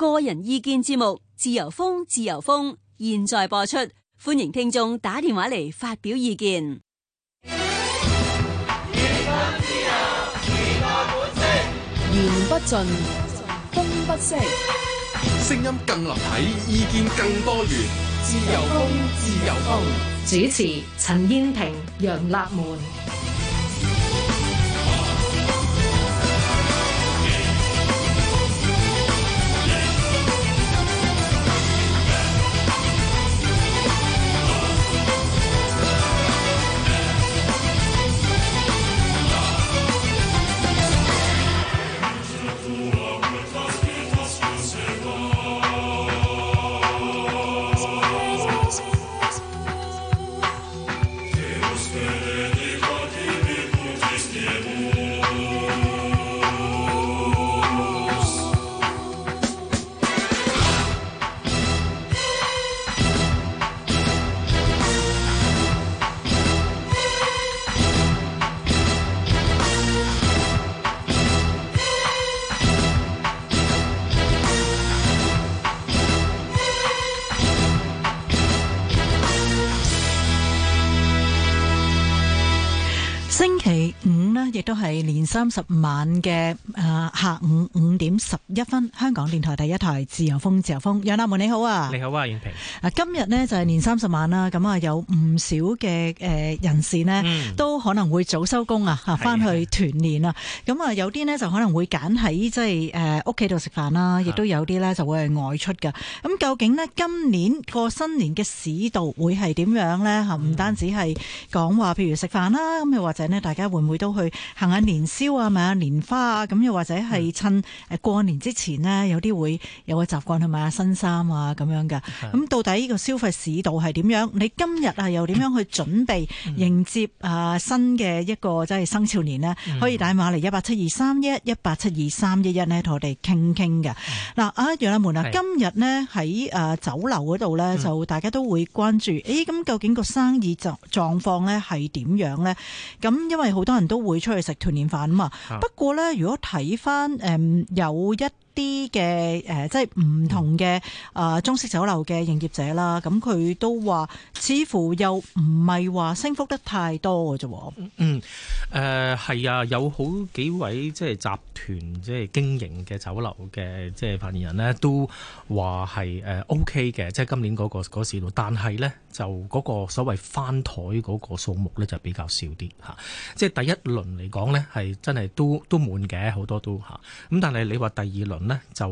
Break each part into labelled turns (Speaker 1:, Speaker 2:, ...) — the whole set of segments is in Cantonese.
Speaker 1: 個人意見節目《自由風》，自由風現在播出，歡迎聽眾打電話嚟發表意見。言不，不盡，風不息，
Speaker 2: 聲音更立體，意見更多元。自由風，自由風，由風
Speaker 1: 主持陳燕婷、楊立門。五咧，亦都係年三十晚嘅啊，下午五點十一分，香港電台第一台自由風，自由風，楊振年，你好啊，你
Speaker 3: 好啊，遠平
Speaker 1: 啊，今日咧就係年三十晚啦，咁啊有唔少嘅誒人士咧，都可能會早收工啊，吓翻去團年啦，咁啊有啲咧就可能會揀喺即係誒屋企度食飯啦，亦都有啲咧就會去外出噶，咁究竟咧今年個新年嘅市道會係點樣咧？吓，唔單止係講話譬如食飯啦，咁又或者咧大家會。會，會都去行下年宵啊？買下、啊、年花啊？咁又或者係趁誒過年之前呢，有啲會有個習慣去買下新衫啊咁樣㗎，咁、okay. 到底呢個消費市道係點樣？你今日啊又點樣去準備迎接、mm -hmm. 啊新嘅一個即係生肖年呢？Mm -hmm. 可以打電話嚟一八七二三一一一八七二三一一同我哋傾傾嘅。嗱、mm -hmm. 啊，楊立門啊，今日呢喺誒酒樓嗰度呢，呢 mm -hmm. 就大家都會關注。誒、哎，咁究竟個生意狀況呢係點樣呢？咁因為好多。多人都會出去食團年飯啊嘛，不過咧，如果睇翻，誒有一啲嘅誒即係唔同嘅誒中式酒樓嘅營業者啦，咁佢都話似乎又唔係話升幅得太多嘅啫。嗯
Speaker 3: 誒係、嗯呃、啊，有好幾位即係集團即係經營嘅酒樓嘅即係發言人咧、OK，都話係誒 O K 嘅，即係今年嗰個嗰個市道，但係咧就嗰個所謂翻台嗰個數目咧就比較少啲吓，即係第一輪嚟講咧係真係都都滿嘅，好多都吓咁但係你話第二輪。咧就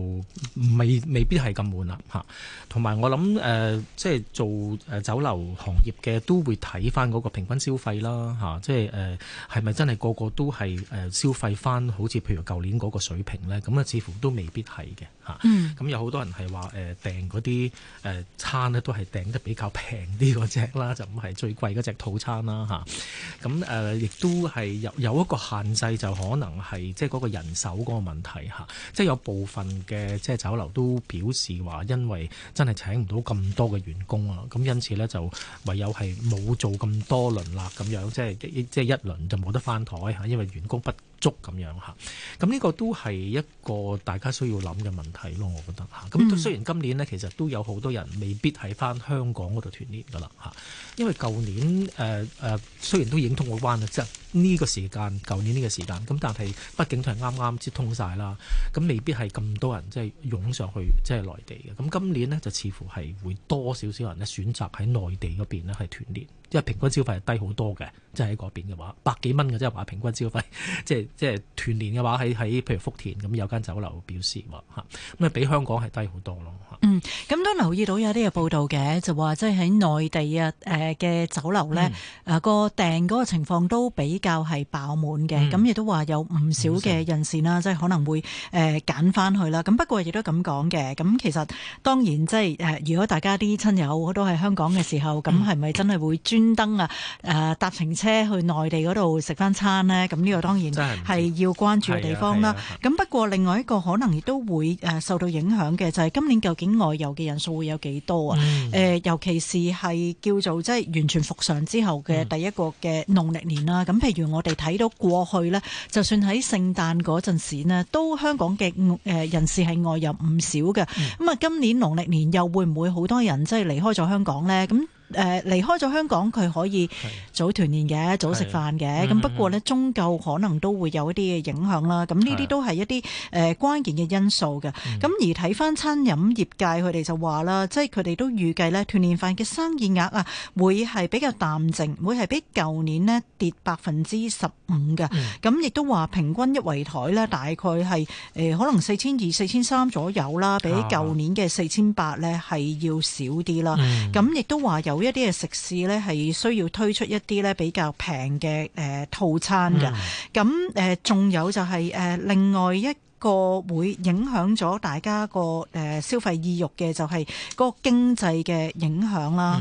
Speaker 3: 未未必係咁滿啦吓，同埋我諗誒即係做誒酒樓行業嘅都會睇翻嗰個平均消費啦吓，即係誒係咪真係個個都係誒消費翻好似譬如舊年嗰個水平咧？咁啊，似乎都未必係嘅吓，咁、啊嗯、有好多人係話誒訂嗰啲誒餐咧，都係訂得比較平啲嗰隻啦，就唔係最貴嗰隻套餐啦吓，咁誒亦都係有有一個限制，就可能係即係嗰個人手嗰個問題嚇、啊，即係有部。部分嘅即係酒樓都表示話，因為真係請唔到咁多嘅員工啊，咁因此咧就唯有係冇做咁多輪啦，咁樣即係一即係一輪就冇得翻台嚇，因為員工不足咁樣嚇。咁呢個都係一個大家需要諗嘅問題咯，我覺得嚇。咁雖然今年呢，其實都有好多人未必喺翻香港嗰度團年噶啦嚇，因為舊年誒誒、呃，雖然都已經通咗關啦啫。呢、這個時間，舊年呢個時間咁，但係畢竟都係啱啱接通晒啦，咁未必係咁多人即係湧上去即係內地嘅。咁今年呢，就似乎係會多少少人呢選擇喺內地嗰邊呢係團年，因為平均消費係低好多嘅，即係喺嗰邊嘅話，百幾蚊嘅即係話平均消費，即係即係團年嘅話喺喺譬如福田咁，有間酒樓表示話咁啊比香港係低好多咯嗯，
Speaker 1: 咁都留意到有啲嘅報道嘅，就話即係喺內地的、嗯、啊誒嘅酒樓呢，誒個訂嗰個情況都比。比較係爆滿嘅，咁亦都話有唔少嘅人士啦，即係可能會誒揀翻去啦。咁不過亦都咁講嘅，咁其實當然即係誒，如果大家啲親友都喺香港嘅時候，咁係咪真係會專登啊誒搭乘車去內地嗰度食翻餐呢？咁呢個當然係要關注嘅地方啦。咁不過另外一個可能亦都會誒受到影響嘅，就係今年究竟外遊嘅人數會有幾多啊？誒，尤其是係叫做即係完全復常之後嘅第一個嘅農曆年啦。咁例如我哋睇到過去呢，就算喺聖誕嗰陣時呢，都香港嘅誒人士係外遊唔少嘅。咁、嗯、啊，今年農曆年又會唔會好多人即係離開咗香港呢？咁誒、呃、離開咗香港，佢可以早團年嘅，早食飯嘅。咁不過咧，終、嗯嗯、究可能都會有一啲嘅影響啦。咁呢啲都係一啲誒、呃、關鍵嘅因素嘅。咁、嗯、而睇翻餐飲業界，佢哋就話啦，即係佢哋都預計咧，團年飯嘅生意額啊，會係比較淡靜，會係比舊年咧跌百分之十五嘅。咁亦、嗯、都話平均一圍台咧，大概係誒、呃、可能四千二、四千三左右啦，比舊年嘅四千八咧係要少啲啦。咁、嗯、亦都話有。一啲嘅食肆咧，係需要推出一啲咧比較平嘅誒套餐嘅。咁誒仲有就係誒另外一個會影響咗大家個誒消費意欲嘅，就係個經濟嘅影響啦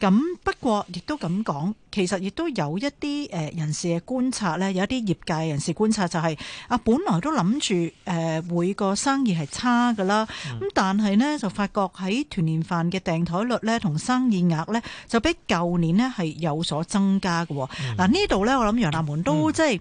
Speaker 1: 吓，咁、嗯、不過亦都咁講。其實亦都有一啲誒人士嘅觀察呢，有一啲業界人士觀察就係、是、啊，本來都諗住誒每個生意係差㗎啦，咁、嗯、但係呢，就發覺喺團年飯嘅訂台率呢，同生意額呢，就比舊年呢係有所增加嘅。嗱，呢度呢，我諗楊立門都、嗯、即係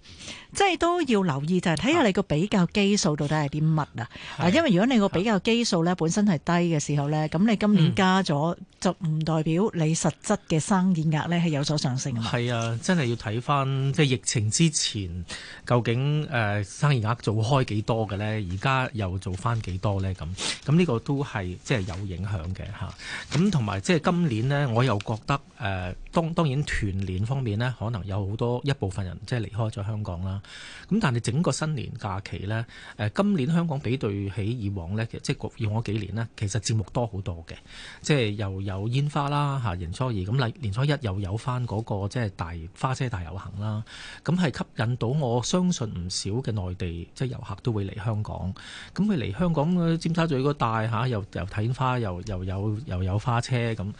Speaker 1: 即係都要留意就係睇下你個比較基數到底係啲乜啊？啊、嗯，因為如果你個比較基數呢本身係低嘅時候呢，咁你今年加咗、嗯、就唔代表你實質嘅生意額呢係有所上升。係
Speaker 3: 啊，真係要睇翻即係疫情之前究竟誒、呃、生意額做開幾多嘅咧？而家又做翻幾多咧？咁咁呢個都係即係有影響嘅嚇。咁同埋即係今年呢，我又覺得誒、啊，當然當然團年方面呢，可能有好多一部分人即係離開咗香港啦。咁但係整個新年假期呢，誒今年香港比對起以往呢，即係過以往幾年呢，其實節目多好多嘅，即係又有煙花啦嚇，迎、啊、初二咁，例年初一又有翻、那、嗰個。即係大花車大遊行啦，咁係吸引到我相信唔少嘅內地即係遊客都會嚟香港。咁佢嚟香港，尖沙咀嗰帶嚇，又又睇花，又又有又有花車，咁。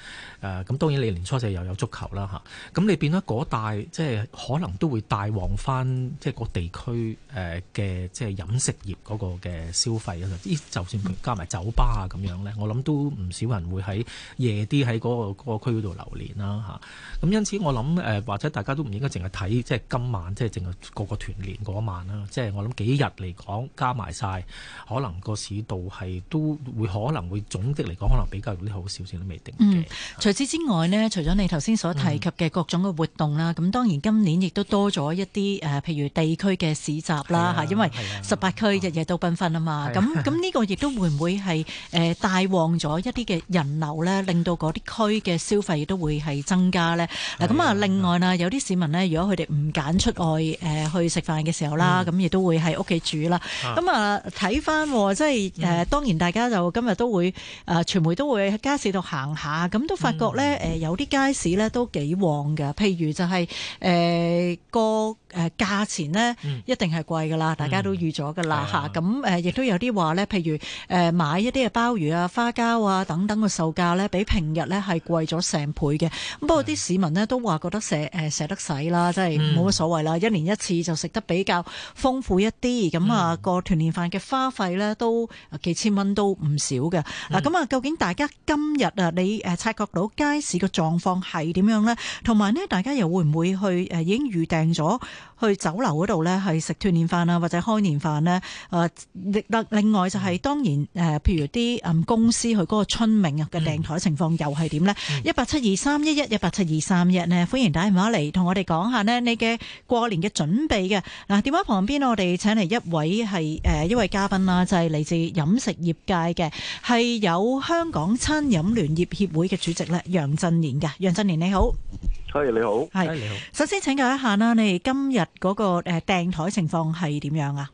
Speaker 3: 誒咁當然你年初四又有足球啦吓，咁你變咗嗰帶，即係可能都會帶旺翻即係個地區誒嘅即係飲食業嗰個嘅消費啊，就算加埋酒吧啊咁樣咧，我諗都唔少人會喺夜啲喺嗰個嗰個區嗰度流連啦吓，咁因此我。咁誒、呃，或者大家都唔應該淨係睇，即係今晚，即係淨係個個團年嗰晚啦。即係我諗幾日嚟講，加埋晒，可能個市道係都會可能會總的嚟講，可能比較有啲好少少都未定、
Speaker 1: 嗯。除此之外呢，除咗你頭先所提及嘅各種嘅活動啦，咁、嗯、當然今年亦都多咗一啲誒、呃，譬如地區嘅市集啦嚇、啊，因為十八區日夜都繽紛啊嘛。咁咁呢個亦都會唔會係誒、呃、帶旺咗一啲嘅人流咧，令到嗰啲區嘅消費亦都會係增加咧？咁啊～另外啦，有啲市民咧，如果佢哋唔揀出外誒去食飯嘅時候啦，咁亦都會喺屋企煮啦。咁啊，睇翻即係誒，當然大家就今日都會誒，傳媒都會喺街市度行下，咁都發覺咧誒，有啲街市咧都幾旺㗎。譬如就係誒個。呃誒價錢呢一定係貴噶啦、嗯，大家都預咗噶啦嚇，咁誒亦都有啲話呢，譬如誒買一啲嘅鮑魚啊、花膠啊等等嘅售價呢，比平日呢係貴咗成倍嘅。咁、嗯、不過啲市民呢都話覺得捨誒捨得使啦，真係冇乜所謂啦、嗯。一年一次就食得比較豐富一啲，咁、嗯、啊、個團年飯嘅花費呢都幾千蚊都唔少嘅。嗱、嗯、咁啊，究竟大家今日啊你誒察覺到街市嘅狀況係點樣呢？同埋呢，大家又會唔會去誒已經預訂咗？去酒樓嗰度呢，係食團年飯啊，或者開年飯呢。誒、呃，另另外就係、是、當然誒、呃，譬如啲嗯公司去嗰個春茗嘅訂台情況又係點呢？一八七二三一一一八七二三一咧，歡迎打電話嚟同我哋講下呢，你嘅過年嘅準備嘅。嗱、啊，電話旁邊我哋請嚟一位係誒、呃、一位嘉賓啦，就係、是、嚟自飲食業界嘅，係有香港餐飲聯業協會嘅主席咧，楊振年嘅，楊振年你好。係你好，係你好。首先請教一下啦，你哋今日嗰個誒訂台情況係點樣啊？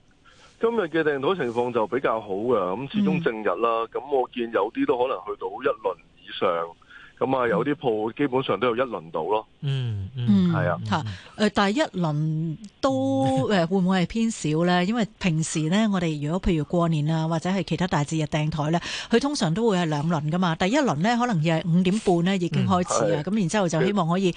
Speaker 2: 今日嘅訂台情況就比較好嘅，咁始終正日啦。咁、嗯、我見有啲都可能去到一輪以上。咁、嗯、啊，有啲鋪基本上都有一輪到咯。嗯
Speaker 1: 嗯，係啊。嚇，誒，但係一輪都誒會唔會係偏少咧？因為平時咧，我哋如果譬如過年啊，或者係其他大節日訂台咧，佢通常都會係兩輪噶嘛。第一輪咧，可能又係五點半咧已經開始啊，咁、嗯、然之後就希望可以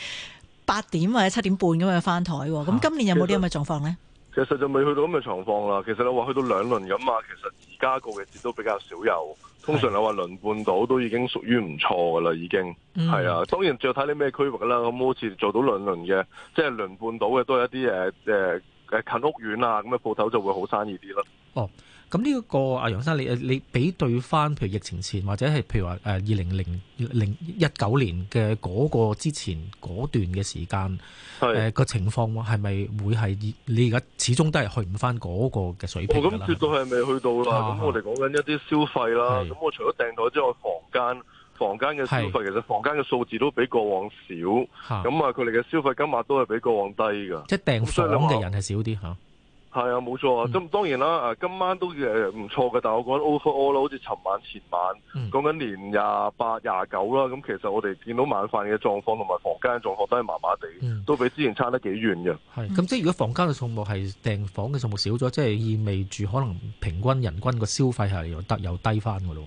Speaker 1: 八點或者七點半咁樣翻台。咁、嗯、今年有冇啲咁嘅狀況咧、
Speaker 2: 啊？其實就未去到咁嘅狀況啦。其實你話去到兩輪咁啊，其實而家個日子都比較少有。通常你話輪半島都已經屬於唔錯嘅啦，已經係、嗯、啊。當然仲要睇啲咩區域啦。咁好似做到兩輪嘅，即係輪半島嘅，都係一啲誒誒誒近屋苑啊，咁嘅鋪頭就會好生意啲咯。哦。
Speaker 3: 咁呢、一個阿楊生，你你比對翻，譬如疫情前，或者係譬如話誒二零一九年嘅嗰個之前嗰段嘅時間，誒個、呃、情況係係咪會係你而家始終都係去唔翻嗰個嘅水平？我咁絕對係未
Speaker 2: 去到啦？咁、啊、我哋講緊一啲消費啦，咁、啊、我除咗訂台之外，房間房間嘅消費其實房間嘅數字都比過往少，咁啊佢哋嘅消費金額都係比過往低㗎，即係
Speaker 3: 訂房嘅人係少啲
Speaker 2: 係啊，冇錯啊，咁、嗯、當然啦，今晚都唔錯嘅，但我覺得 overall 好似尋晚前晚講緊年廿八廿九啦，咁其實我哋見到晚飯嘅狀況同埋房間嘅狀況都係麻麻地，都比之前差得幾遠嘅。
Speaker 3: 咁即係如果房間嘅數目係訂房嘅數目少咗，即係意味住可能平均人均個消費係又得又低翻㗎咯。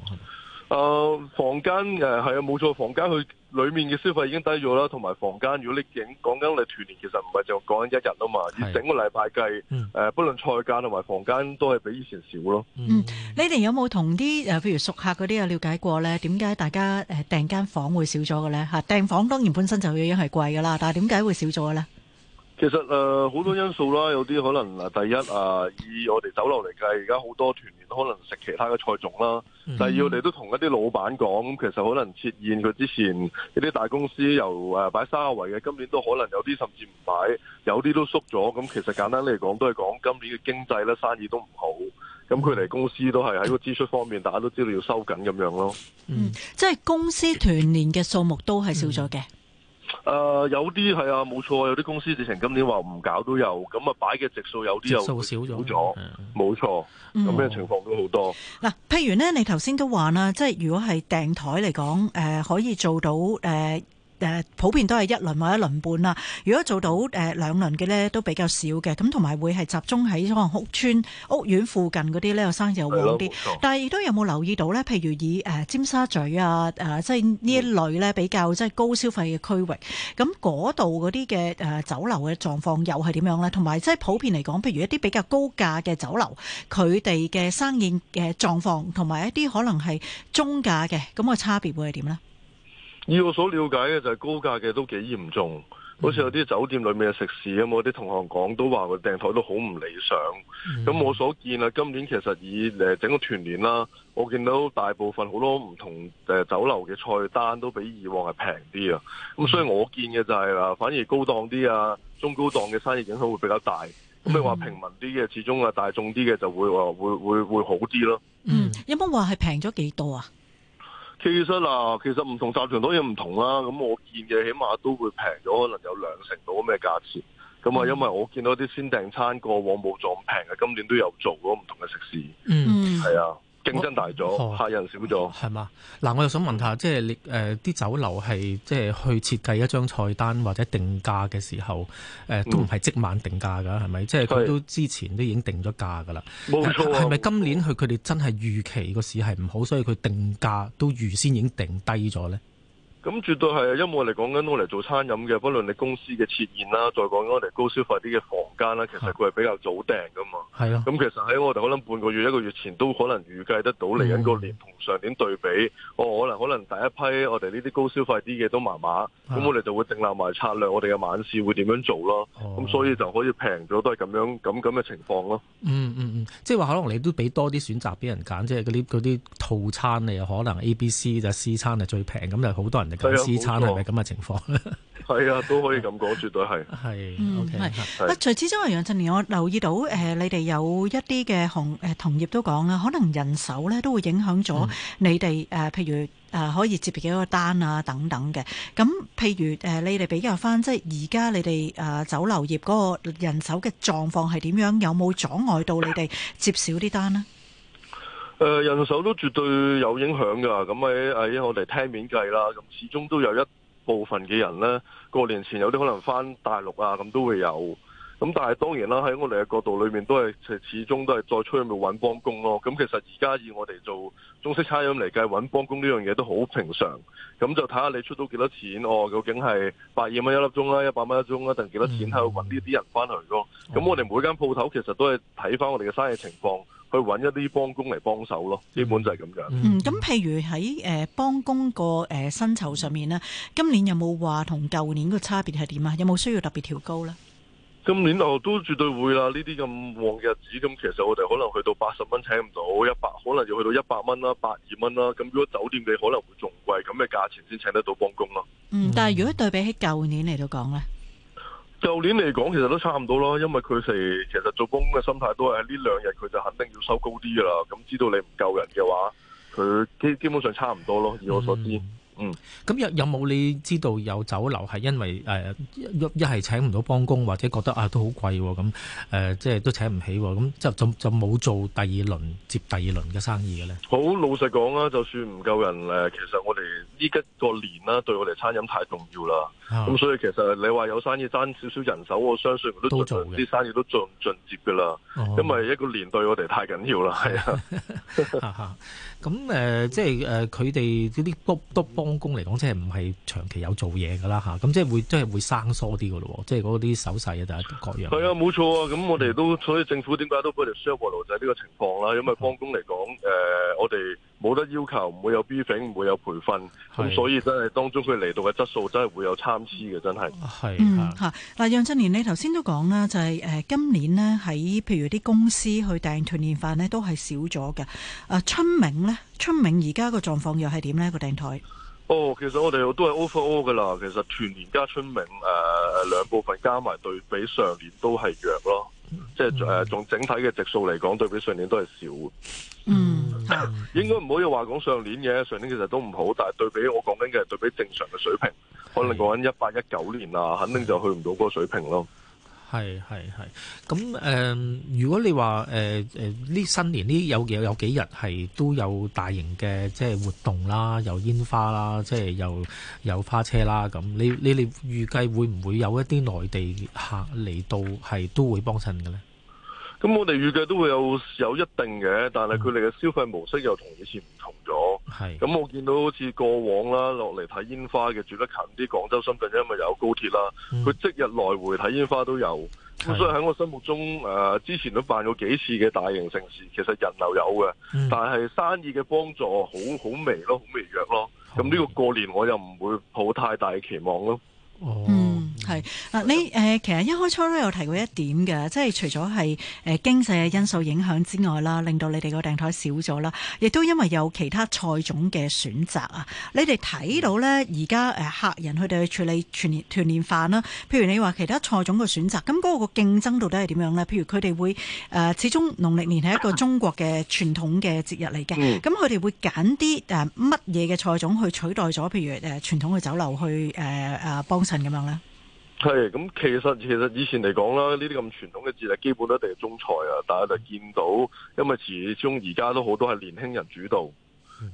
Speaker 2: 誒、呃，房間誒係啊，冇、呃、錯，房間佢裏面嘅消費已經低咗啦，同埋房間，如果你影講緊你團年，其實唔係就講緊一日啊嘛，以整個禮拜計，誒、嗯呃、不論菜價同埋房間都係比以前少咯，嗯。嗯，
Speaker 1: 你哋有冇同啲誒譬如熟客嗰啲有了解過咧？點解大家誒訂間房會少咗嘅咧？吓，訂房當然本身就已經係貴噶啦，但係點解會少咗嘅咧？
Speaker 2: 其實誒，好，呃、多因素啦，有啲可能嗱，第一啊，以我哋酒樓嚟計，而家好多團員都可能食其他嘅菜種啦、嗯。第二，我哋都同一啲老闆講，咁其實可能設宴，佢之前一啲大公司由誒擺三圍嘅，今年都可能有啲甚至唔擺，有啲都縮咗。咁其實簡單嚟講，都係講今年嘅經濟咧，生意都唔好。咁佢哋公司都係喺個支出方面，大家都知道要收緊咁，嗯、樣咯。嗯，
Speaker 1: 即係公司團年嘅數目都係少咗嘅。嗯
Speaker 2: 誒、呃，有啲係啊，冇錯，有啲公司直情今年話唔搞都有，咁啊擺嘅席數有啲又少咗，冇錯，咁嘅情況都好多。
Speaker 1: 嗱、嗯，譬、哦、如咧，你頭先都話啦，即係如果係訂台嚟講，誒、呃，可以做到誒。呃誒普遍都係一輪或者一輪半啦。如果做到誒、呃、兩輪嘅咧，都比較少嘅。咁同埋會係集中喺可能屋村、屋苑附近嗰啲咧，生意又旺啲。但係亦都有冇留意到咧？譬如以誒、呃、尖沙咀啊，誒、呃、即係呢一類咧，比較即係高消費嘅區域。咁嗰度嗰啲嘅誒酒樓嘅狀況又係點樣咧？同埋即係普遍嚟講，譬如一啲比較高價嘅酒樓，佢哋嘅生意嘅狀況同埋一啲可能係中價嘅，咁個差別會係點咧？
Speaker 2: 以我所了解嘅就係高價嘅都幾嚴重，嗯、好似有啲酒店裏面嘅食肆咁啊！啲同行講都話個訂枱都好唔理想。咁、嗯、我所見啊，今年其實以誒整個團年啦，我見到大部分好多唔同誒酒樓嘅菜單都比以往係平啲啊。咁所以我見嘅就係啦，反而高檔啲啊、中高檔嘅生意影響會比較大。咁你話平民啲嘅，始終啊，大眾啲嘅就會話會會會好啲咯。嗯，
Speaker 1: 有冇話係平咗幾多啊？
Speaker 2: 其實嗱，其實唔同集團都有唔同啦。咁我見嘅起碼都會平咗，可能有兩成到咁嘅價錢。咁啊，因為我見到啲先訂餐過往冇咁平嘅，今年都有做過唔同嘅食肆。嗯，係啊。競爭大咗，客、哦、人少咗，
Speaker 3: 係嘛？嗱，我又想問下，即係你誒啲酒樓係即係去設計一張菜單或者定價嘅時候，誒、呃、都唔係即晚定價㗎，係、嗯、咪？即係佢都之前都已經定咗價㗎啦。冇錯。係咪今年佢佢哋真係預期個市係唔好，所以佢定價都預先已經定低咗咧？
Speaker 2: 咁絕對係，因為我哋講緊我哋做餐飲嘅，不論你公司嘅設宴啦，再講緊我哋高消費啲嘅房間啦，其實佢係比較早訂噶嘛。係啊，咁其實喺我哋可能半個月、一個月前都可能預計得到嚟緊個年同上年對比，我可能可能第一批我哋呢啲高消費啲嘅都麻麻，咁我哋就會定立埋策略，我哋嘅晚市會點樣做咯。咁、哦、所以就可以平咗，都係咁樣咁咁嘅情況
Speaker 3: 咯。嗯嗯嗯，即係話可能你都俾多啲選擇俾人揀，即係嗰啲嗰啲套餐啊，可能 A、B、C 就 C 餐係最平，咁就好多人。係啊，試餐嘅咁嘅情況咧，
Speaker 2: 係啊，都可以咁講，絕對係。係。
Speaker 1: OK，係。啊，除此之外，楊振年，我留意到誒，你哋有一啲嘅同誒同業都講啦，可能人手咧都會影響咗你哋誒，譬如誒可以接幾多單啊，等等嘅。咁譬如誒，你哋比較翻，即係而家你哋誒酒樓業嗰個人手嘅狀況係點樣？有冇阻礙到你哋接少啲單咧？
Speaker 2: 誒、呃，人手都絕對有影響噶，咁喺喺我哋廳面計啦，咁始終都有一部分嘅人咧，過年前有啲可能翻大陸啊，咁都會有，咁但係當然啦，喺我哋嘅角度裏面都係，始終都係再出去搵幫工咯。咁其實而家以我哋做中式餐飲嚟計，搵幫工呢樣嘢都好平常，咁就睇下你出到幾多錢，哦，究竟係百二蚊一粒鐘啦，一百蚊一鐘啦，定幾多錢喺度搵呢啲人翻去咯。咁我哋每間鋪頭其實都係睇翻我哋嘅生意情況。去揾一啲幫工嚟幫手咯，基本就係咁樣。
Speaker 1: 嗯，咁譬如喺誒幫工個誒薪酬上面呢，今年有冇話同舊年個差別係點啊？有冇需要特別調高呢？
Speaker 2: 今年啊，都絕對會啦。呢啲咁旺嘅日子，咁其實我哋可能去到八十蚊請唔到，一百可能要去到一百蚊啦，百二蚊啦。咁如果酒店你可能會仲貴，咁嘅價錢先請得到幫工咯。嗯，
Speaker 1: 但係如果對比起舊年嚟到講咧？
Speaker 2: 舊年嚟講，其實都差唔多咯，因為佢哋其實做工嘅心態都係呢兩日，佢就肯定要收高啲㗎喇。咁知道你唔夠人嘅話，佢基基本上差唔多咯。以我所知。嗯
Speaker 3: 嗯，咁有有冇你知道有酒樓係因為一一係請唔到幫工，或者覺得啊都好貴咁即係都請唔起喎，咁、啊、就就冇做第二輪接第二輪嘅生意嘅咧？
Speaker 2: 好老實講啦，就算唔夠人，其實我哋呢一個年啦對我哋餐飲太重要啦。咁、啊、所以其實你話有生意爭少少人手，我相信我都，都做啲生意都盡盡接噶啦、啊，因為一個年對我哋太緊要啦，
Speaker 3: 啊。咁、 呃、即係佢哋嗰啲都幫幫工嚟講，即係唔係長期有做嘢噶啦吓，咁即係會即係會生疏啲噶咯，即係嗰啲手勢啊，就等各樣。係
Speaker 2: 啊，冇錯啊，咁我哋都所以政府點解都幫我哋 s h 路 e l 就係呢個情況啦，因為幫工嚟講，誒、呃、我哋冇得要求，唔會有 b r 唔會有培訓，咁所以真係當中佢嚟到嘅質素真係會有參差嘅，真
Speaker 3: 係係
Speaker 1: 吓嗱，楊振年你頭先都講啦，就係、是、誒今年呢，喺譬如啲公司去訂團年飯呢，都係少咗嘅。春明呢？春明而家個狀況又係點呢？個訂台？
Speaker 2: 哦，其實我哋都係 overall 噶啦。其實團年加春茗誒、呃、兩部分加埋對比上年都係弱咯，即係誒，從、mm. 呃、整體嘅指數嚟講，對比上年都係少。嗯、mm. 應該唔可以話講上年嘅上年其實都唔好，但係對比我講緊嘅係對比正常嘅水平。可能講緊一八一九年啦，肯定就去唔到嗰個水平咯。
Speaker 3: 係係係，咁誒，如果你話誒誒呢新年呢有有有幾日係都有大型嘅即係活動啦，有煙花啦，即係又有，有花車啦，咁你你哋預計會唔會有一啲內地客嚟到係都會幫襯嘅咧？咁
Speaker 2: 我哋預計都會有有一定嘅，但係佢哋嘅消費模式又同以前唔同咗。係，咁我見到好似過往啦，落嚟睇煙花嘅住得近啲，廣州、深圳，因為有高鐵啦，佢、嗯、即日來回睇煙花都有。咁所以喺我心目中，誒、呃，之前都辦過幾次嘅大型城市，其實人流有嘅、嗯，但係生意嘅幫助好好微咯，好微弱咯。咁呢個過年我又唔會抱太大期望咯。
Speaker 4: 哦
Speaker 1: 係嗱，你誒、呃、其實一開初都有提過一點嘅，即係除咗係誒經濟嘅因素影響之外啦，令到你哋個訂枱少咗啦，亦都因為有其他菜種嘅選擇啊。你哋睇到咧，而家誒客人佢哋去處理團年團年飯啦，譬如你話其他菜種嘅選擇，咁嗰個競爭到底係點樣咧？譬如佢哋會誒、呃、始終農曆年係一個中國嘅傳統嘅節日嚟嘅，咁佢哋會揀啲誒乜嘢嘅菜種去取代咗，譬如誒、呃、傳統嘅酒樓去誒誒幫襯咁樣咧。
Speaker 2: 係，咁其實其實以前嚟講啦，呢啲咁傳統嘅節日，基本都一定係中菜啊，大家就見到，因為始終而家都好多係年輕人主導，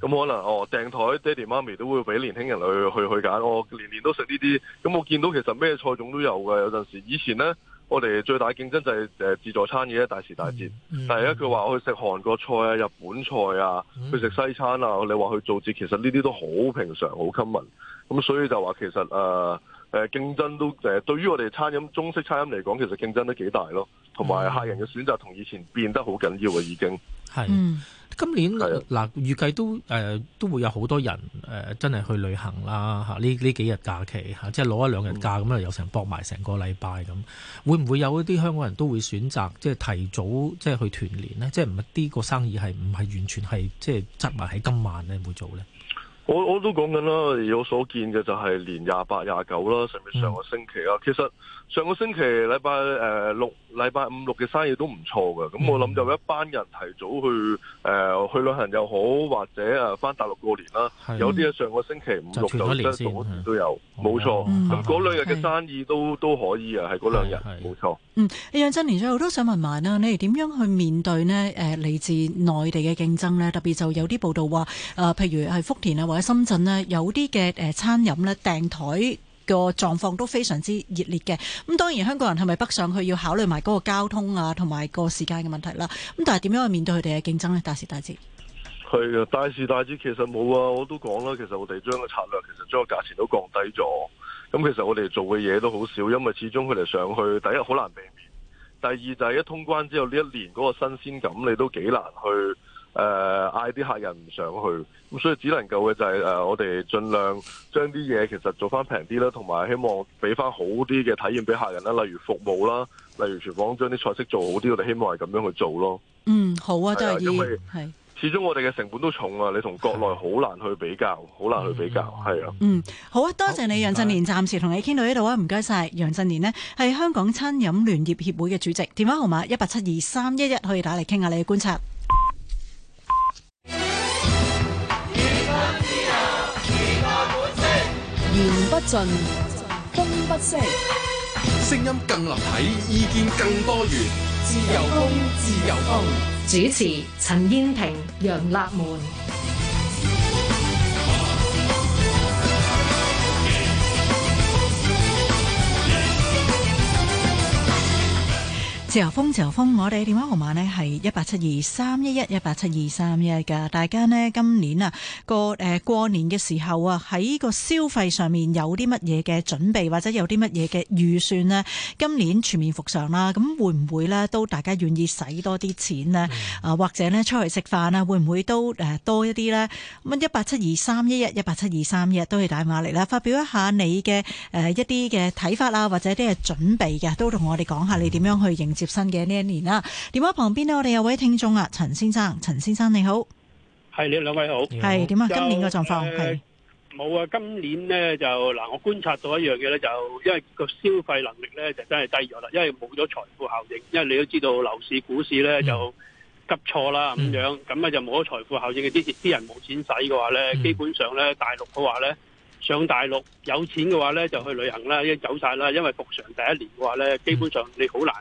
Speaker 2: 咁可能哦訂台爹哋媽咪都會俾年輕人去去去揀，我年年都食呢啲，咁我見到其實咩菜種都有㗎。有陣時以前呢，我哋最大競爭就係自助餐嘅大時大節、嗯嗯，但係佢話去食韓國菜啊、日本菜啊，去食西餐、嗯、啊，你話去做節，其實呢啲都好平常、好 common，咁所以就話其實誒。呃誒競爭都誒，對於我哋餐飲中式餐飲嚟講，其實競爭都幾大咯。同埋客人嘅選擇同以前變得好緊要啊，已經。
Speaker 3: 係、嗯，今年嗱預計都誒、呃、都會有好多人誒、呃、真係去旅行啦嚇。呢呢幾日假期嚇、啊，即係攞一兩日假咁啊，嗯、樣有成搏埋成個禮拜咁。會唔會有一啲香港人都會選擇即係提早即係去團年呢？即係唔係呢個生意係唔係完全係即係執埋喺今晚咧會做咧？
Speaker 2: 我我都講緊啦，而我所見嘅就係年廿八、廿九啦，甚至上個星期啊，其實。上個星期禮拜六禮拜五六嘅生意都唔錯㗎，咁、嗯、我諗就一班人提早去誒、呃、去旅行又好，或者啊翻大陸過年啦，有啲啊上個星期五六就即係時都有，冇錯。咁嗰兩日嘅生意都都可以啊，係嗰兩日冇錯。嗯，
Speaker 1: 楊振年最後都想問埋啦，你哋點樣去面對呢？誒、呃、嚟自內地嘅競爭呢？特別就有啲報道話啊，譬如係福田啊或者深圳呢，有啲嘅餐飲呢，訂枱。個狀況都非常之熱烈嘅，咁當然香港人係咪北上去要考慮埋嗰個交通啊，同埋個時間嘅問題啦。咁但係點樣去面對佢哋嘅競爭呢？大時大節。
Speaker 2: 係啊，大時大節，其實冇啊。我都講啦，其實我哋將個策略其實將個價錢都降低咗。咁其實我哋做嘅嘢都好少，因為始終佢哋上去第一好難避免，第二就係一通關之後呢一年嗰個新鮮感你都幾難去。誒、呃，嗌啲客人唔想去，咁所以只能夠嘅就係、是、誒、呃，我哋盡量將啲嘢其實做翻平啲啦，同埋希望俾翻好啲嘅體驗俾客人啦。例如服務啦，例如廚房將啲菜式做好啲，我哋希望係咁樣去做咯。嗯，
Speaker 1: 好啊，都係依，係
Speaker 2: 始終我哋嘅成本都重啊，你同國內好難去比較，好難去比較，係啊。嗯，
Speaker 1: 好啊，多謝你楊振年，暫時同你傾到呢度啊，唔該晒。楊振年呢係香港餐飲聯業協會嘅主席，電話號碼一八七二三一一可以打嚟傾下你嘅觀察。言不盡，風不息，
Speaker 2: 聲音更立體，意見更多元。自由風，
Speaker 1: 自由風。主持：陳燕平、楊立門。自由風，自由風，我哋電話號碼呢係一八七二三一一一八七二三一噶。大家呢今年啊個誒過年嘅時候啊喺個消費上面有啲乜嘢嘅準備或者有啲乜嘢嘅預算呢？今年全面復常啦，咁會唔會呢都大家願意使多啲錢呢？啊、嗯、或者呢出去食飯啦，會唔會都誒多一啲呢？咁一八七二三一一一八七二三一都係打電話嚟啦，發表一下你嘅誒一啲嘅睇法啦或者啲嘅準備嘅，都同我哋講下你點樣去迎接。新嘅呢一年啦，電話旁邊呢，我哋有位聽眾啊，陳先生，陳先生你好，
Speaker 4: 係你兩位好，係點啊？今年嘅狀況係冇啊！今年呢，就嗱，我觀察到一樣嘢咧，就因為個消費能力咧就真係低咗啦，因為冇咗財富效應，因為你都知道樓市、股市咧就急錯啦咁、嗯、樣，咁、嗯、啊就冇咗財富效應嘅啲啲人冇錢使嘅話咧、嗯，基本上咧大陸嘅話咧，上大陸有錢嘅話咧就去旅行啦，因為走晒啦，因為復常第一年嘅話咧、嗯，基本上你好難。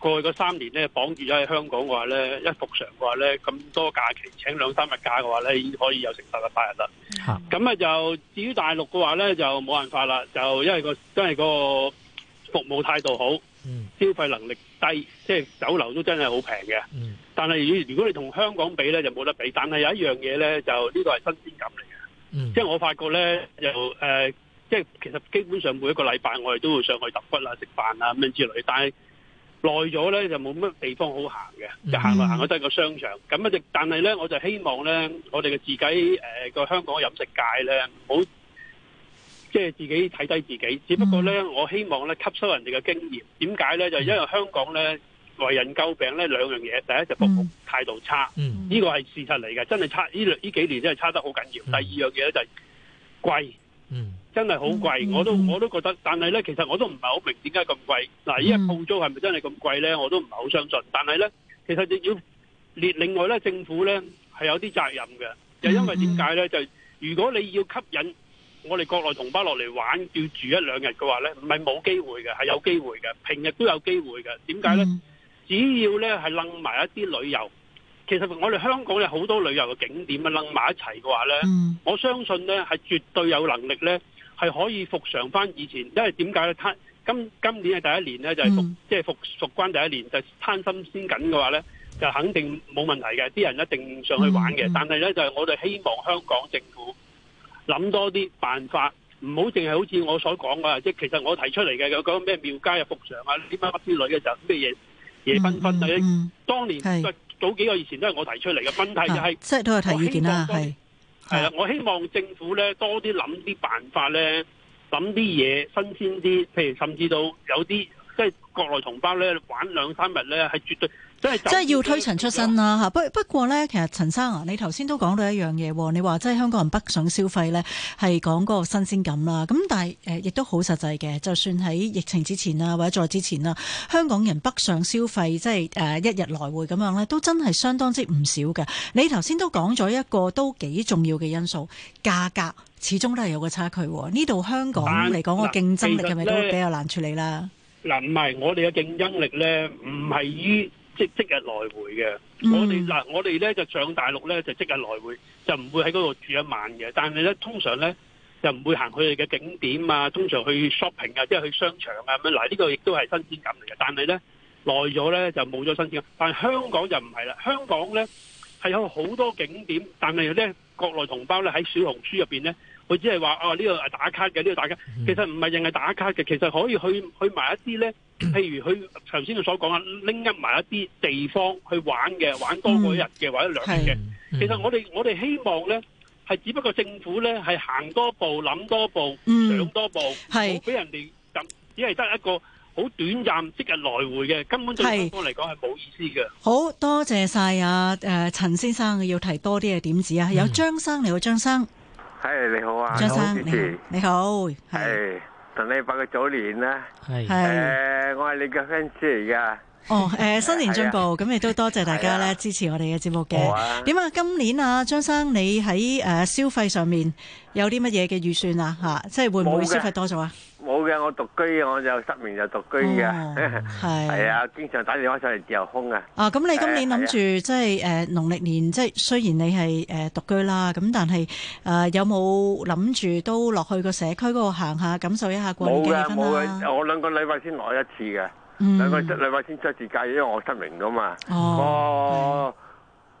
Speaker 4: 過去嗰三年咧，綁住咗喺香港嘅話咧，一復常嘅話咧，咁多假期請兩三日假嘅話咧，已經可以有成十八八日啦。咁、嗯、啊，就至於大陸嘅話咧，就冇辦法啦，就因為、嗰個真係個服務態度好，消費能力低，即、就、係、係、酒樓都真係好平嘅。但係如果你同香港比咧，就冇得比。但係有一樣嘢咧，就呢個係新鮮感嚟嘅、嗯。即係我發覺咧，就誒、呃，即係其實基本上每一個禮拜我哋都會上去揼骨啊、食飯啊咁樣之類，但係。耐咗咧就冇乜地方好行嘅，就行嚟行去都係個商場。咁啊，但係咧，我就希望咧，我哋嘅自己誒個、呃、香港飲食界咧，唔好即係自己睇低自己。只不過咧，我希望咧吸收人哋嘅經驗。點解咧？就因為香港咧為人詬病咧兩樣嘢，第一就服務態度差，呢、嗯呢個係事實嚟嘅，真係差。呢呢幾年真係差得好緊要。第二樣嘢咧就係貴。真係好貴，我都我都覺得，但係咧，其實我都唔係好明點解咁貴。嗱，依家鋪租係咪真係咁貴咧？我都唔係好相信。但係咧，其實你要另另外咧，政府咧係有啲責任嘅，就因為點解咧？就如果你要吸引我哋國內同胞落嚟玩，要住一兩日嘅話咧，唔係冇機會嘅，係有機會嘅。平日都有機會嘅。點解咧？只要咧係楞埋一啲旅遊，其實我哋香港有好多旅遊嘅景點啊，楞埋一齊嘅話咧，我相信咧係絕對有能力咧。係可以復常翻以前，因為點解咧？今今年係第一年咧、嗯，就係復即係復復關第一年，就貪心先緊嘅話咧，就肯定冇問題嘅，啲人一定上去玩嘅、嗯嗯。但係咧，就係、是、我哋希望香港政府諗多啲辦法，唔好淨係好似我所講啊！即、就、係、是、其實我提出嚟嘅，有講咩廟街啊復常啊呢乜之類嘅就咩嘢夜繽紛啊！分分嗯嗯、當年早幾個月前都係我提出嚟嘅問題就係即係都有提意見啦，係。係啊，我希望政府咧多啲諗啲辦法咧，諗啲嘢新鮮啲，譬如甚至到有啲即係國內同胞咧玩兩三日咧，係絕對。
Speaker 1: 即係，要推陳出新啦吓。不不過呢，其實陳生啊，你頭先都講到一樣嘢，你話即係香港人北上消費呢，係講嗰個新鮮感啦。咁但係誒亦都好實際嘅。就算喺疫情之前啊，或者再之前啦，香港人北上消費，即係誒，一日來回咁樣呢，都真係相當之唔少嘅。你頭先都講咗一個都幾重要嘅因素，價格始終都係有個差距。呢度香港嚟講個競爭力係咪都比較難處理啦？
Speaker 4: 嗱，唔係我哋嘅競爭力呢，唔係於。即即日來回嘅、嗯，我哋嗱，我哋咧就上大陸咧就即日來回，就唔會喺嗰度住一晚嘅。但係咧，通常咧就唔會行佢哋嘅景點啊，通常去 shopping 啊，即係去商場啊咁樣。嗱，呢個亦都係新鮮感嚟嘅。但係咧，耐咗咧就冇咗新鮮感。但係香港就唔係啦，香港咧係有好多景點，但係咧國內同胞咧喺小紅書入面咧。佢只係話哦呢個係打卡嘅呢個打卡，其實唔係淨係打卡嘅，其實可以去去埋一啲咧，譬如佢頭先佢所講啊，拎一埋一啲地方去玩嘅，玩多過一日嘅、嗯、或者兩日嘅。其實我哋、嗯、我哋希望咧，係只不過政府咧係行多步、諗多步、想多步，唔、嗯、俾人哋只係得一個好短暫即日來回嘅，根本對各方嚟講係冇意思嘅。好
Speaker 1: 多謝晒啊！誒、呃，陳先生要提多啲嘅點,點子啊！有張生嚟，個張生。
Speaker 5: 係你好啊，張生你好，你好係，同你拜個早年啦、啊，係，誒、呃，我係你嘅 fans 嚟噶。
Speaker 1: 哦，誒，新年進步，咁亦都多謝大家咧，支持我哋嘅節目嘅。點啊，今年啊，張生你喺誒消費上面有啲乜嘢嘅預算啊？吓，即係會唔會消費多咗啊？
Speaker 5: 冇嘅，我獨居，我就失眠就獨居嘅。係係啊，經常打電話上嚟，自由空嘅。啊，咁你今年
Speaker 1: 諗住即係誒農曆年，即係雖然你係誒獨居啦，咁但係誒有冇諗住都落去個社區嗰度行下，感受一下過年嘅氣氛啦？冇
Speaker 3: 嘅，
Speaker 5: 我兩個禮拜先來一次嘅。兩、嗯、個，兩位先出住界，因為我失明㗎嘛，哦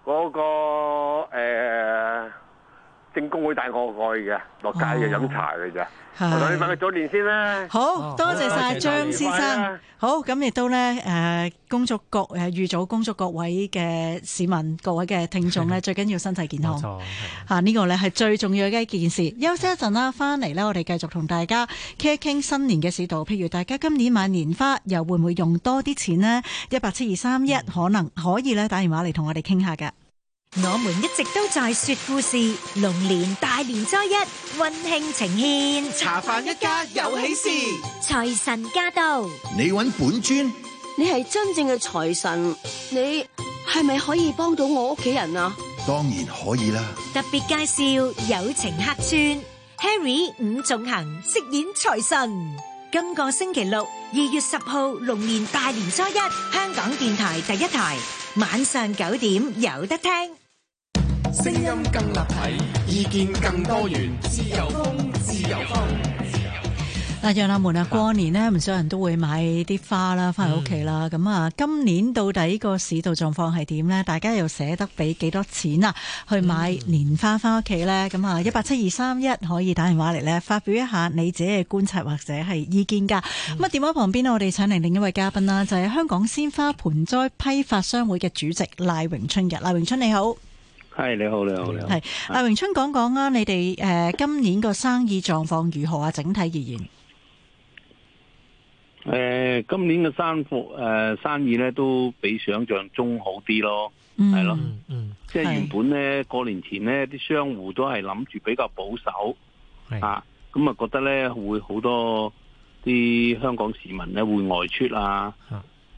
Speaker 5: 嗰個嗰、嗰個誒。呃正工會帶我去嘅，落街嘅飲茶嘅啫，哦。我哋翻去早年先啦。好多謝晒張先生，
Speaker 1: 好咁亦都呢，誒、呃，恭祝各誒預早恭祝各位嘅市民，各位嘅聽眾呢，最緊要身體健康。吓、呢，啊這個呢係最重要嘅一件事。休息一陣啦，翻嚟呢，我哋繼續同大家傾一傾新年嘅市道。譬如大家今年買年花，又會唔會用多啲錢呢？一八七二三一，可能可以呢，打電話嚟同我哋傾下嘅。我們一直都在說故事。龍年大年初一，温馨呈現茶飯一家有喜事，財神駕到。你揾本尊，你係真正嘅財神，你係咪可以幫到我屋企人啊？當然可以啦。特別介紹友情客串 Harry 伍仲衡飾演財神。今個星期六二月十號，龍年大年初一，香港電台第一台晚上九點有得聽。聲音更立體，意見更
Speaker 3: 多元，自由風，自由風。
Speaker 1: 嗱，楊阿門啊，過年咧，唔少人都會買啲花啦，翻去屋企啦。咁、嗯、啊，今年到底個市道狀況係點呢？大家又捨得俾幾多錢啊，去買年花翻屋企呢？咁啊，一八七二三一可以打電話嚟咧，發表一下你自己嘅觀察或者係意見噶。咁、嗯、啊，電話旁邊咧，我哋請嚟另一位嘉賓啦，就係、是、香港鮮花盆栽批發商會嘅主席賴榮春嘅。賴榮春你好，
Speaker 5: 係你好你好你好。係，
Speaker 1: 賴榮春講講啊，你哋誒、呃、今年個生意狀況如何啊？整體而言？
Speaker 5: 誒、呃，今年嘅衫貨誒生意咧都比想象中好啲咯，係、嗯、咯，嗯、即係原本咧過年前咧啲商戶都係諗住比較保守，啊，咁啊覺得咧會好多啲香港市民咧會外出啊，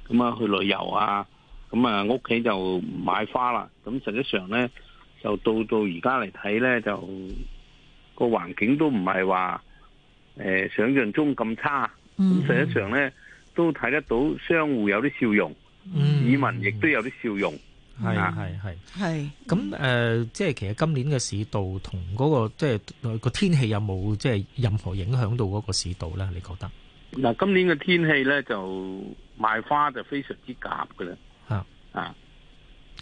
Speaker 5: 咁啊去旅遊啊，咁啊屋企就唔買花啦，咁實質上咧就到到而家嚟睇咧就個環境都唔係話誒想象中咁差。咁、嗯、實際上咧，都睇得到商戶有啲笑容，市、嗯、民亦都有啲笑容，
Speaker 6: 係係
Speaker 3: 係。係咁誒，即係其實今年嘅市道同嗰、嗰個即係、個天氣有冇即係任何影響到嗰個市道咧？你覺得？嗱，今
Speaker 5: 年嘅天氣咧就賣花就非常之夾嘅啦，
Speaker 3: 啊啊！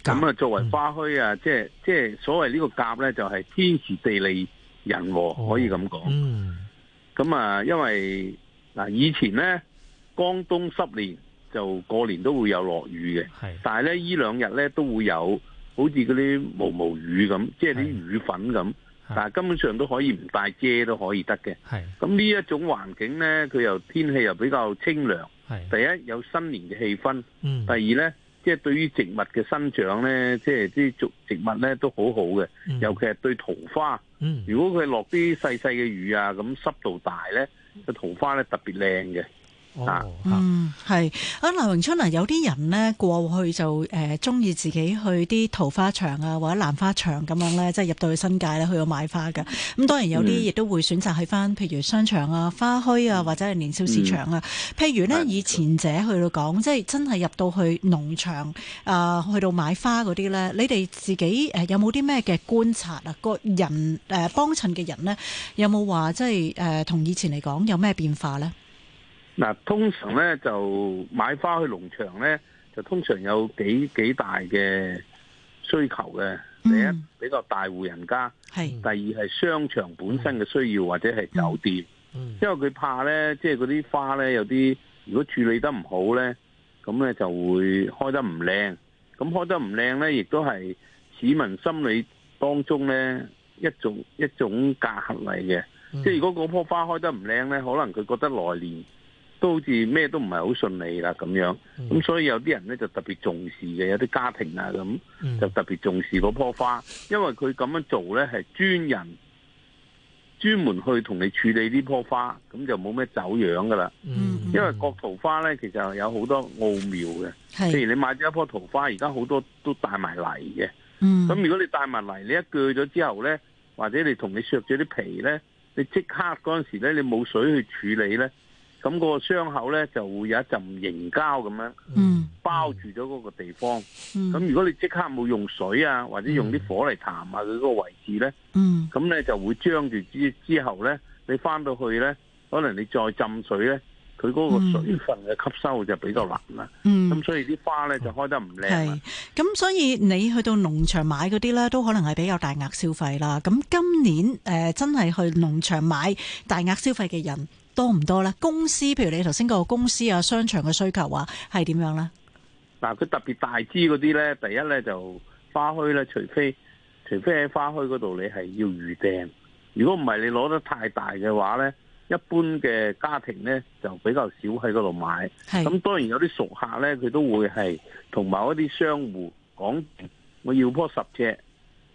Speaker 5: 咁啊，作為花墟啊，嗯、即係即係所謂呢個呢個夾咧，就係、係、天時地利人和可以咁講。咁、哦嗯、啊，因為嗱，以前咧，江冬濕年就過年都會有落雨嘅，但係咧呢兩日咧都會有，好似嗰啲毛毛雨咁，即係啲雨粉咁，但係根本上都可以唔帶遮都可以得嘅。咁呢、嗯、一種環境咧，佢又天氣又比較清涼。第一有新年嘅氣氛，第二咧，即係對於植物嘅生長咧，即係啲植植物咧都很好好嘅、嗯，尤其係對桃花。嗯、如果佢落啲細細嘅雨啊，咁濕度大咧。個桃花咧特別靚嘅。
Speaker 1: 哦，嗯，係啊，賴榮春啊，有啲人呢，過去就誒中意自己去啲桃花場啊或者蘭花場咁樣呢，即係入到去新界咧去到買花嘅。咁當然有啲亦都會選擇去翻譬如商場啊、花墟啊、或者係年宵市場啊。譬如呢，以前者去到講，即係真係入到去農場啊、呃、去到買花嗰啲呢，你哋自己誒有冇啲咩嘅觀察啊？個人誒幫襯嘅人呢，有冇話即係誒同以前嚟講有咩變化呢？
Speaker 5: 嗱，通常咧就買花去農場咧，就通常有幾幾大嘅需求嘅。第一比較大戶人家，嗯、第二係商場本身嘅需要，或者係酒店。嗯嗯、因為佢怕咧，即係嗰啲花咧有啲，如果處理得唔好咧，咁咧就會開得唔靚。咁開得唔靚咧，亦都係市民心理當中咧一種一種隔閡嚟嘅。即係如果嗰棵花開得唔靚咧，可能佢覺得來年。都好似咩都唔係好順利啦咁樣，咁、嗯、所以有啲人咧就特別重視嘅，有啲家庭啊咁，就特別重視嗰棵花，嗯、因為佢咁樣做咧係專人專門去同你處理呢棵花，咁就冇咩走樣噶啦、嗯。因為國桃花咧其實有好多奧妙嘅，譬如你買咗一棵桃花，而家好多都帶埋嚟嘅。咁、嗯、如果你帶埋嚟，你一鋸咗之後咧，或者你同你削咗啲皮咧，你即刻嗰陣時咧你冇水去處理咧。咁、那個個傷口咧就會有一陣凝膠咁樣，包住咗嗰個地方。咁、嗯、如果你即刻冇用水啊，或者用啲火嚟彈下佢嗰個位置咧，咁、嗯、咧就會將住之之後咧，你返到去咧，可能你再浸水咧，佢嗰個水分嘅吸收就比較難啦。咁、嗯嗯、所以啲花咧就開得唔靚。係
Speaker 1: 咁，所以你去到農場買嗰啲咧，都可能係比較大額消費啦。咁今年誒、呃、真係去農場買大額消費嘅人。.多唔多咧？公司譬如你頭先個公司啊、商場嘅需求啊，係點樣咧？
Speaker 5: 嗱，佢特別大支嗰啲咧，第一咧就花墟咧，除非除非喺花墟嗰度你係要預訂，如果唔係你攞得太大嘅話咧，一般嘅家庭咧就比較少喺嗰度買。咁當然有啲熟客咧，佢都會係同某一啲商戶講我要棵十尺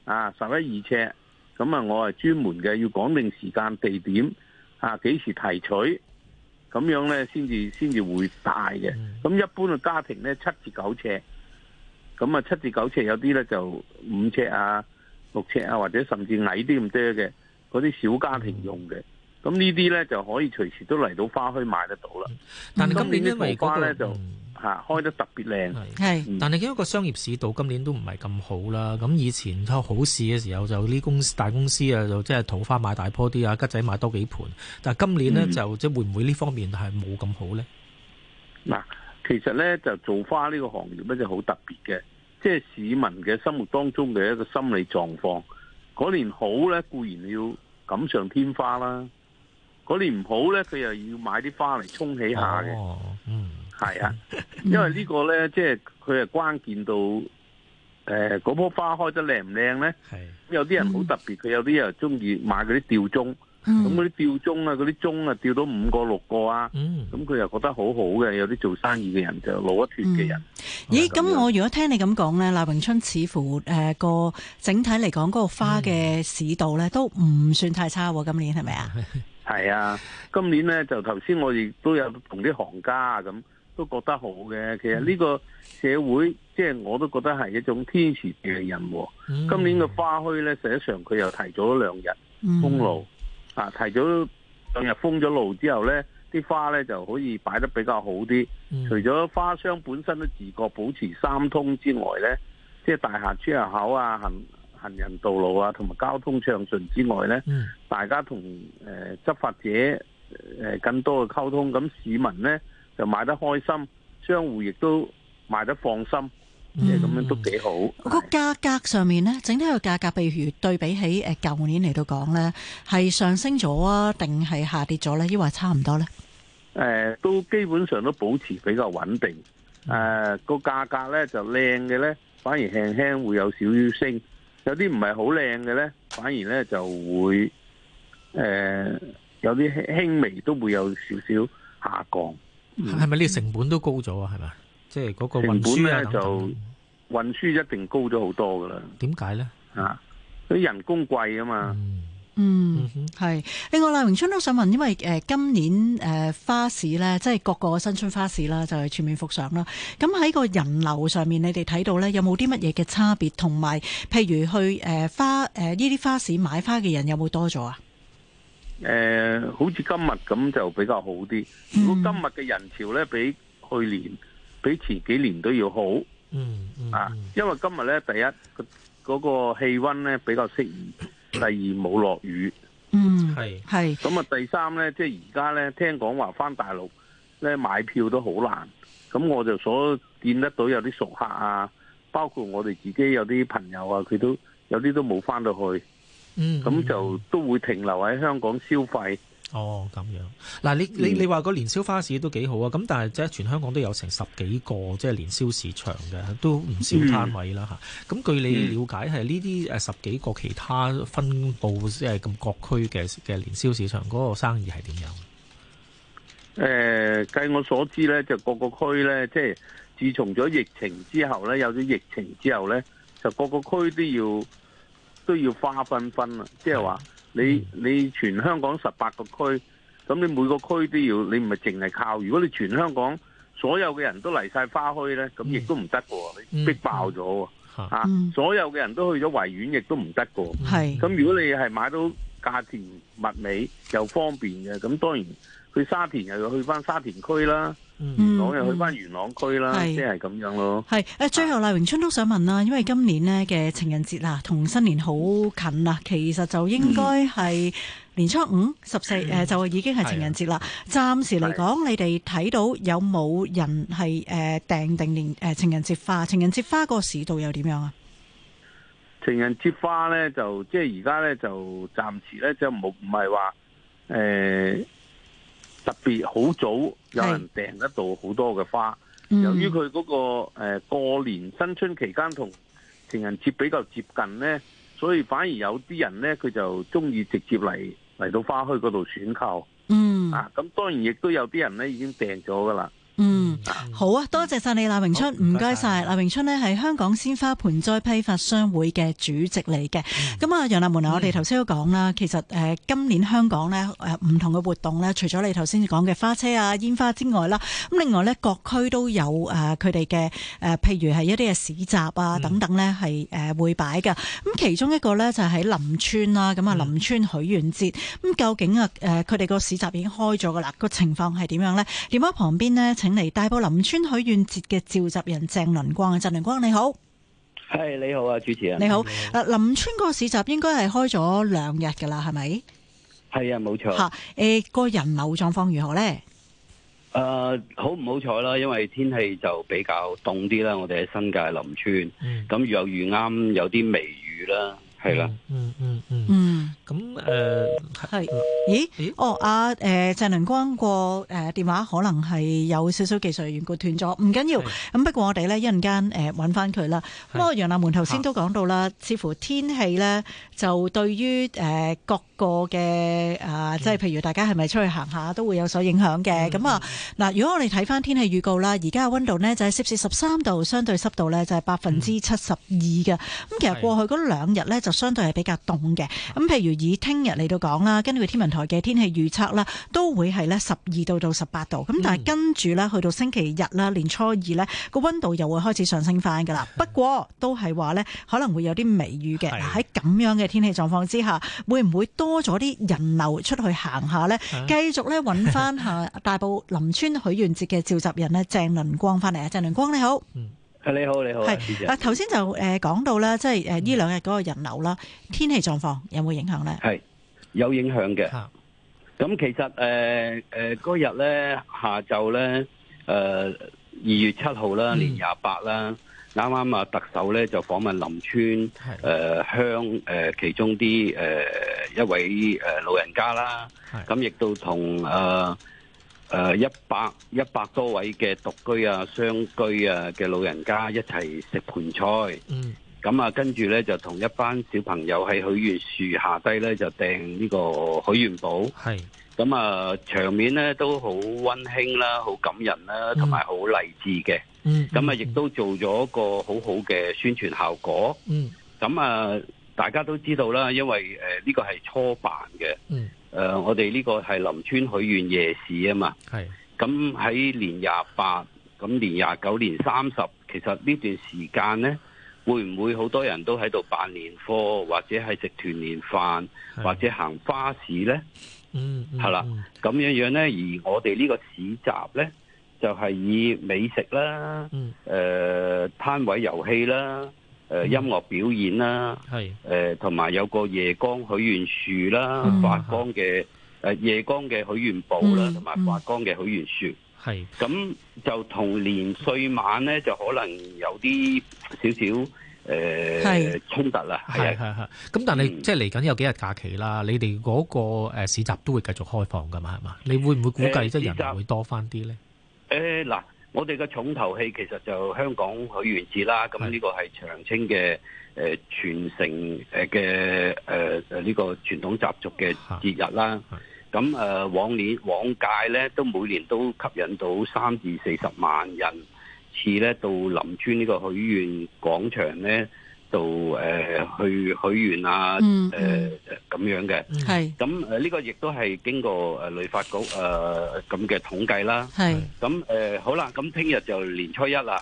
Speaker 5: 啊，十一二尺，咁啊，我係專門嘅要講定時間地點。啊！幾時提取？咁樣咧，先至先至會大嘅。咁一般嘅家庭咧，七至九尺。咁啊，七至九尺有啲咧就五尺啊、六尺啊，或者甚至矮啲咁多嘅，嗰啲小家庭用嘅。咁呢啲咧就可以隨時都嚟到花墟買得到啦。但係今年因瓜咧就……嚇，開得特別
Speaker 3: 靚，係、嗯，但係因為個商業市道今年都唔係咁好啦。咁以前好市嘅時候就，就啲公司大公司啊，就即係桃花買大棵啲啊，吉仔買多幾盤。但係今年呢，嗯、就即係會唔會呢方面係冇咁好呢？嗱，
Speaker 5: 其實呢，就做花呢個行業呢，就好特別嘅，即係市民嘅生活當中嘅一個心理狀況。嗰年好呢，固然要錦上添花啦；嗰年唔好呢，佢又要買啲花嚟沖起一下嘅、哦，嗯。係啊，因為這個呢個咧，即係佢係關鍵到誒，嗰、呃、棵花開得靚唔靚咧？係、啊，有啲人好特別，佢、嗯、有啲人中意買嗰啲吊鐘，咁嗰啲吊鐘啊，嗰啲鐘啊，吊到五個六個啊，咁、嗯、佢又覺得很好好嘅。有啲做生意嘅人就老一脱嘅
Speaker 1: 人、嗯。咦，咁我如果聽你咁講咧，賴榮春似乎誒個、呃、整體嚟講，嗰、那個花嘅市道咧都唔算太差。今年係咪啊？
Speaker 5: 係啊，今年咧、啊、 就頭先我亦都有同啲行家咁。那都覺得好嘅，其實呢個社會即係、就是、我都覺得係一種天時地利人和、嗯。今年嘅花墟呢，實際上佢又提早咗兩日封路，啊、嗯、提早兩日封咗路之後呢，啲花呢就可以擺得比較好啲、嗯。除咗花商本身都自覺保持三通之外呢，即、就、係、是、大廈出入口啊、行行人道路啊同埋交通暢順之外呢，嗯、大家同、呃、執執法者、呃、更多嘅溝通，咁市民呢。就買得開心，商戶亦都買得放心，即係咁樣都幾好。嗯，
Speaker 1: 個價格上面呢，整體個價格譬如對比起誒舊年嚟到講呢，係上升咗啊，定係下跌咗呢？抑或差唔多呢？
Speaker 5: 誒，都基本上都保持比較穩定。誒、嗯，個、啊、價格呢，就靚嘅呢，反而輕輕會有少少升；有啲唔係好靚嘅呢，反而呢就會誒、呃、有啲輕微都會有少少下降。
Speaker 3: 係咪呢個成本都高咗啊？係咪？即係嗰個運輸等成本咧，就
Speaker 5: 運輸一定高咗好多噶啦。點解咧？啊，啲人工貴啊嘛。嗯，
Speaker 1: 係、嗯。另外，賴榮春都想問，因為誒、呃、今年誒、呃、花市咧，即係各個新春花市啦，就係、是、全面復上啦。咁喺個人流上面，你哋睇到咧，有冇啲乜嘢嘅差別？同埋，譬如去誒、呃、花誒呢啲花市買花嘅人有冇多咗啊？
Speaker 5: 誒、呃，好似今日咁就比較好啲。如果今日嘅人潮呢，比去年、比前幾年都要好。嗯，嗯啊，因為今日呢，第一嗰、嗰個氣温呢比較適宜，第二冇落雨。嗯，
Speaker 3: 係，係。
Speaker 5: 咁啊，第三呢，即係而家呢，聽講話返大陸呢買票都好難。咁我就所見得到有啲熟客啊，包括我哋自己有啲朋友啊，佢都有啲都冇返到去。嗯，咁、嗯、就都會停留喺香港消費。哦，咁樣
Speaker 3: 嗱，你、嗯、你你話個年宵花市都幾好啊？咁但係即係全香港都有成十幾個即係年宵市場嘅，都唔少攤位啦嚇。咁、嗯、據你了解係呢啲誒十幾個其他分佈即係咁各區嘅嘅年宵市場嗰個生意係點樣？
Speaker 5: 誒、呃，據我所知咧，就各個區咧，即係自從咗疫情之後咧，有咗疫情之後咧，就各個區都要。都要花分分啊！即係話你你全香港十八個區，咁你每個區都要，你唔係淨係靠。如果你全香港所有嘅人都嚟晒花墟呢，咁亦都唔得喎，你逼爆咗吓、嗯嗯嗯啊嗯，所有嘅人都去咗維園，亦都唔得喎。咁，如果你係買到。價錢物美又方便嘅，咁當然去沙田又要去翻沙田區啦，
Speaker 1: 我又去翻
Speaker 5: 元朗區啦，即係咁樣咯。
Speaker 1: 係誒，最後賴榮春都想問啦，因為今年咧嘅情人節啊，同新年好近啊，其實就應該係年初五十四誒，就已經係情人節啦。暫時嚟講，你哋睇到有冇人係誒訂定年誒情人節花？情人節花個市道又點樣啊？
Speaker 5: 情人節花呢，就即係而家呢，就暫時呢，就冇唔係話誒特別好早有人訂得到好多嘅花，由於佢嗰個誒、呃、過年新春期間同情人節比較接近呢，所以反而有啲人呢，佢就中意直接嚟嚟到花墟嗰度選購，
Speaker 6: 嗯啊
Speaker 5: 咁當然亦都有啲人呢，已經訂咗㗎喇。
Speaker 1: 嗯，好啊，嗯、多謝晒你，賴榮春，唔該晒。賴榮春呢係香港鮮花盆栽批發商會嘅主席嚟嘅。咁、嗯、啊，楊立門啊，我哋頭先都講啦，其實誒，今年香港呢，誒，唔同嘅活動呢，除咗你頭先講嘅花車啊、煙花之外啦，咁另外呢，各區都有誒佢哋嘅誒，譬如係一啲嘅市集啊等等呢，係、嗯、誒會擺噶。咁其中一個呢，就喺林村啦，咁啊林村許願節。咁究竟啊誒，佢哋個市集已經開咗噶啦，個情況係點樣呢？電話旁邊呢。請嚟，大埔林村許願節嘅召集人鄭倫光啊。鄭倫光你好，
Speaker 6: 係你好啊，主持人你好。
Speaker 1: 啊，林村嗰個市集應該係開咗兩日噶啦，係咪？
Speaker 6: 係啊，冇錯。吓，
Speaker 1: 誒，個人流狀況如何咧？
Speaker 6: 誒，好唔好彩啦？因為天氣就比較凍啲啦，我哋喺新界林村，咁、嗯、若有遇啱有啲微雨啦。
Speaker 3: 係、嗯、啦，嗯嗯嗯嗯，咁誒係，
Speaker 1: 咦？哦，阿誒鄭倫光過誒電話，可能係有少少技術嘅緣故斷咗，唔緊要。咁不過我哋咧一陣間誒搵翻佢啦。不過楊啊，楊立門頭先都講到啦，似乎天氣咧就對於誒各個嘅啊，即係譬如大家係咪出去行下都會有所影響嘅。咁、嗯、啊嗱、嗯，如果我哋睇翻天氣預告啦，而家嘅溫度呢，就係攝氏十三度，相對濕度呢，就係百分之七十二嘅。咁、嗯、其實過去嗰兩日咧就。相對係比較凍嘅，咁譬如以聽日嚟到講啦，根據天文台嘅天氣預測啦，都會係咧十二度到十八度。咁但係跟住咧，去到星期日啦，年初二咧，個溫度又會開始上升翻噶啦。不過都係話咧，可能會有啲微雨嘅。喺咁樣嘅天氣狀況之下，會唔會多咗啲人流出去行下呢？繼續咧揾翻下大埔林村許願節嘅召集人呢，鄭倫光翻嚟啊，鄭倫光你好。
Speaker 6: 你好，你好，係啊！頭
Speaker 1: 先就誒講、呃、到啦，即係誒呢兩日嗰個人流啦，天氣狀況有冇影響咧？係
Speaker 6: 有影響嘅。咁、啊、其實誒誒嗰日咧下晝咧誒二月七號啦，年廿八啦，啱啱啊特首咧就訪問林村誒鄉誒其中啲誒、呃、一位誒老人家啦。咁亦都同誒。誒，一百一百多位嘅獨居啊、雙居啊嘅老人家一齊食盆菜，咁、嗯、啊，跟住咧就同一班小朋友喺許願樹下低咧就訂呢個許願寶，係咁啊，場面咧都好溫馨啦、啊、好感人啦，同埋好勵志嘅，咁啊，亦、嗯嗯嗯、都做咗個很好好嘅宣傳效果，咁、嗯、啊，大家都知道啦，因為誒呢個係初辦嘅。嗯誒、呃，我哋呢個係林村許願夜市啊嘛，係。咁喺年廿八，咁年廿九、年三十，其實呢段時間呢，會唔會好多人都喺度辦年貨，或者係食團年飯，或者行花市呢？嗯，係、嗯、啦。咁樣樣呢，而我哋呢個市集呢，就係、是、以美食啦，誒、嗯呃、攤位遊戲啦。誒，音樂表演啦，係、嗯、誒，同、呃、埋有個夜光許願樹啦，發、嗯、光嘅誒、嗯呃，夜光嘅許願寶啦，同埋發光嘅許願樹，係、嗯、咁就同年歲晚咧，就可能有啲少少
Speaker 3: 誒、呃、衝突啊，係係係，咁、嗯、但係即係嚟緊有幾日假期啦、嗯，你哋嗰、那個誒、呃、市集都會繼續開放噶嘛，係嘛，你會唔會估計即係人會多翻啲咧？
Speaker 6: 誒、呃，嗱。呃我哋嘅重頭戲其實就香港許願節啦，咁呢個係長青嘅誒傳承誒嘅誒誒呢個傳統習俗嘅節日啦。咁誒、呃、往年往屆咧，都每年都吸引到三至四十萬人次咧，到林村呢個許願廣場咧。度去、呃、許,許願啊，誒、呃、咁、嗯嗯、樣嘅，咁呢、呃這個亦都係經過誒旅發局誒咁嘅統計啦。咁、呃、好啦，咁聽日就年初一啦。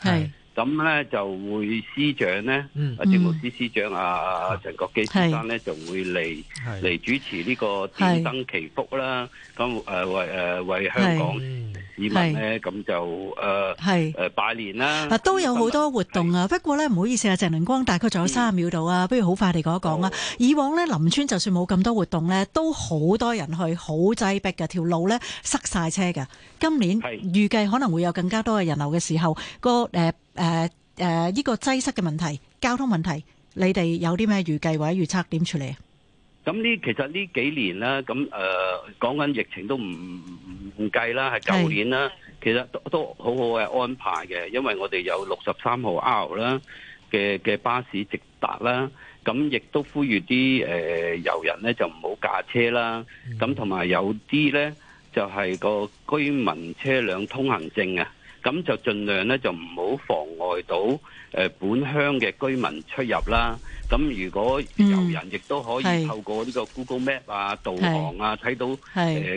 Speaker 6: 咁咧就會司長咧，啊、嗯嗯、政務司司長啊陳、嗯、國基先生咧就會嚟嚟主持呢個點燈祈福啦。咁誒為、呃、為香港。嗯市民咧咁就誒係、呃呃、拜年啦，啊都
Speaker 1: 有好多活動啊。嗯、不，不過咧唔好意思啊，鄭倫光大概仲有三十秒度啊、嗯，不如好快地講一講啊、哦。以往咧林村就算冇咁多活動咧，都好多人去，好擠迫嘅條路咧塞晒車㗎。今年預計可能會有更加多嘅人流嘅時候，那個誒誒呢個擠塞嘅問題、交通問題，你哋有啲咩預計或者預測點處理？
Speaker 6: 咁呢，其實呢幾年咧，咁誒講緊疫情都唔唔計啦，係舊年啦，其實都都好好嘅安排嘅，因為我哋有六十三號 R 啦嘅嘅巴士直達啦，咁亦都呼籲啲誒遊人咧就唔好駕車啦，咁同埋有啲咧就係個居民車輛通行證啊，咁就盡量咧就唔好妨礙到誒本鄉嘅居民出入啦。咁如果遊人亦都可以透過呢個 Google Map 啊、導航啊，睇到誒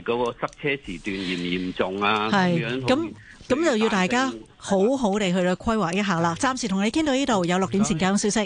Speaker 6: 嗰個塞車時段嚴唔嚴重啊，係樣咁，
Speaker 1: 咁就要大家好好地去規劃一下啦。暫時同你傾到呢度，有六點前交通消息。